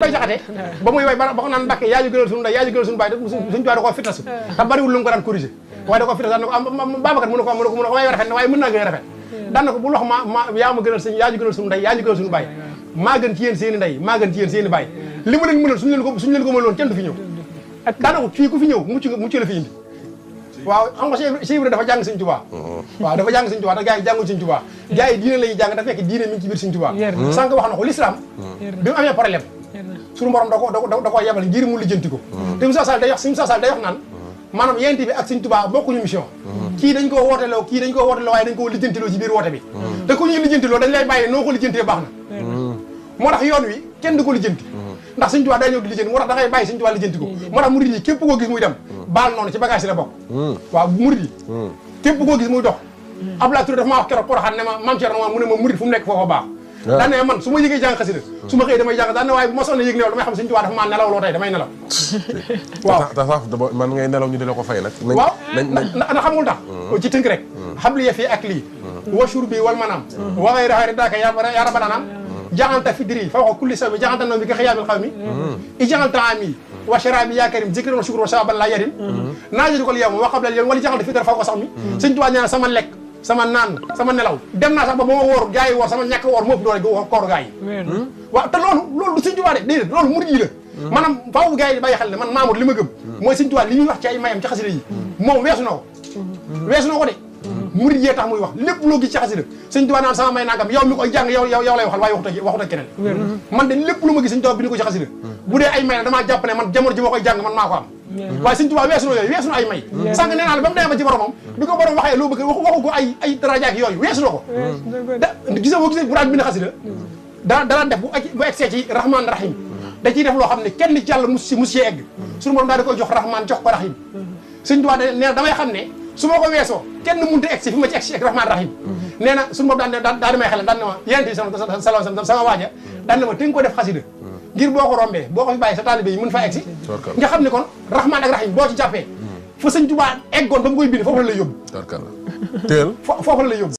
bay jaxate ba muy way ba ko naan mbàkke yaa ñu gënal suñu ndey yaa baay suñu tubaab da koo fitasu hmm. te bariwul lu ko fitasu daan na ko ko mu ne ko mu ko waaye rafet na waaye mën naa gën a rafet hmm. daan baay maa gën ci yéen seen maa gën ci yéen seen i baay mu leen mënal leen ko suñu leen ko fi ñëw daan na ko ku fi ñëw mucc nga mucc la fi waaw xam nga dafa jàng Sëñ Tuubaa mm-hmm. dafa jàng Sëñ Tuubaa te gars yi jànguñ Sëñ Tuubaa mm-hmm. gars yi ci biir suñu borom da ko da ko yebal ngir mu lijjanti ko hmm. te Moussa Sall day wax si Moussa Sall day wax naan hmm. maanaam yent bi ak Sëñ Tuubaa bokkuñu mission hmm. kii dañ koo wooteloo kii dañ koo wooteloo waaye dañ koo lijjantiloo ci biir woote bi te ku ñuy lijjantiloo dañ lay bàyyi noo ko lijjantee baax na moo tax yoon wi kenn du ko lijjanti ndax Sëñ Tuubaa day ñëw moo tax da ngay bàyyi Sëñ Tuubaa lijjanti ko moo tax murid yi képp koo gis muy dem baal noonu ci bagage la ma Mame Thierno mu ne ma murid fu mu daan ne man su ma yëgee jàng xasida su ma xëyee damay jàng daan ne waaye bu ma soxla yëg nelaw damay xam Sëñ Tuubaa dafa maa nelaw loo tey damay nelaw waaw tasaaf man ngay nelaw ñu di la ko fay nag waaw na xamul tax hmm. ci tënk rek hmm. xabli ya fii ak hmm. wa shurbi wal manam wa xayri xayri daaka yaa rabbananam jaxanta fidri fa waxa kulli sabi jaxanta naw mi ka xiyaamil xaw mi i jaxanta ami wa sharabi yaa karim zikri wa shukru wa sababan laa yarim naa jëdi ko ko sax mi Sëñ sama naan sama nelaw dem naa sax ba ba ma woor gars yi woor sama ñàkk woor moo ëpp doole gu koor gars yi hmm? waaw te loolu loolu du Sëñ Tuubaa de loolu murid yi la hmm. maanaam faaw gars yi bàyyi ne man Mamour li ma gëm hmm. mooy Sëñ Tuubaa li ñuy wax ci ay mayam ci xasida yi moom weesu na ko weesu na ko de murid yee tax muy wax lépp loo gis ci xasida Sëñ Tuubaa naan sama may nangam yow mi koy jàng yow yow lay waxal waaye waxut ak man de lépp lu ma gis Sëñ Tuubaa ko ci xasida bu dee ay may na damaa jàpp ne man jamono ji ma koy jàng man am waaye Sëñ Tuubaa weesu na yooyu weesu na ay may sànq nee naa la ba mu demee ba ci boromam bi ko borom waxee loo bëgg waxu waxu ko ay ay daraja ak yooyu weesu na ko da gis boo gisee bu daan bind xasida daa daan def bu bu egsee ci rahman rahim da ciy def loo xam ne kenn ci yàlla mus si mus see egg suñu borom daal di koy jox rahman jox ko rahim Sëñ Tuubaa nee na damay xam ne su ma ko weesoo kenn mënta egg si fi ma ci egg si ak rahman rahim mm-hmm. nee na suñu borom daan daan di may xelal daan na ma yéen itam sama waaja daan na ma te nga ko def xasida ngir boo ko rombee boo ko fi bàyyi sa taalibe yi mën faa egsi nga xam ne kon rahman ak rahim boo ci jàppee hmm. fa sëñ Tuubaa eggoon ba mu koy bind foofu la lay yóbbu teel foofu la lay yóbbu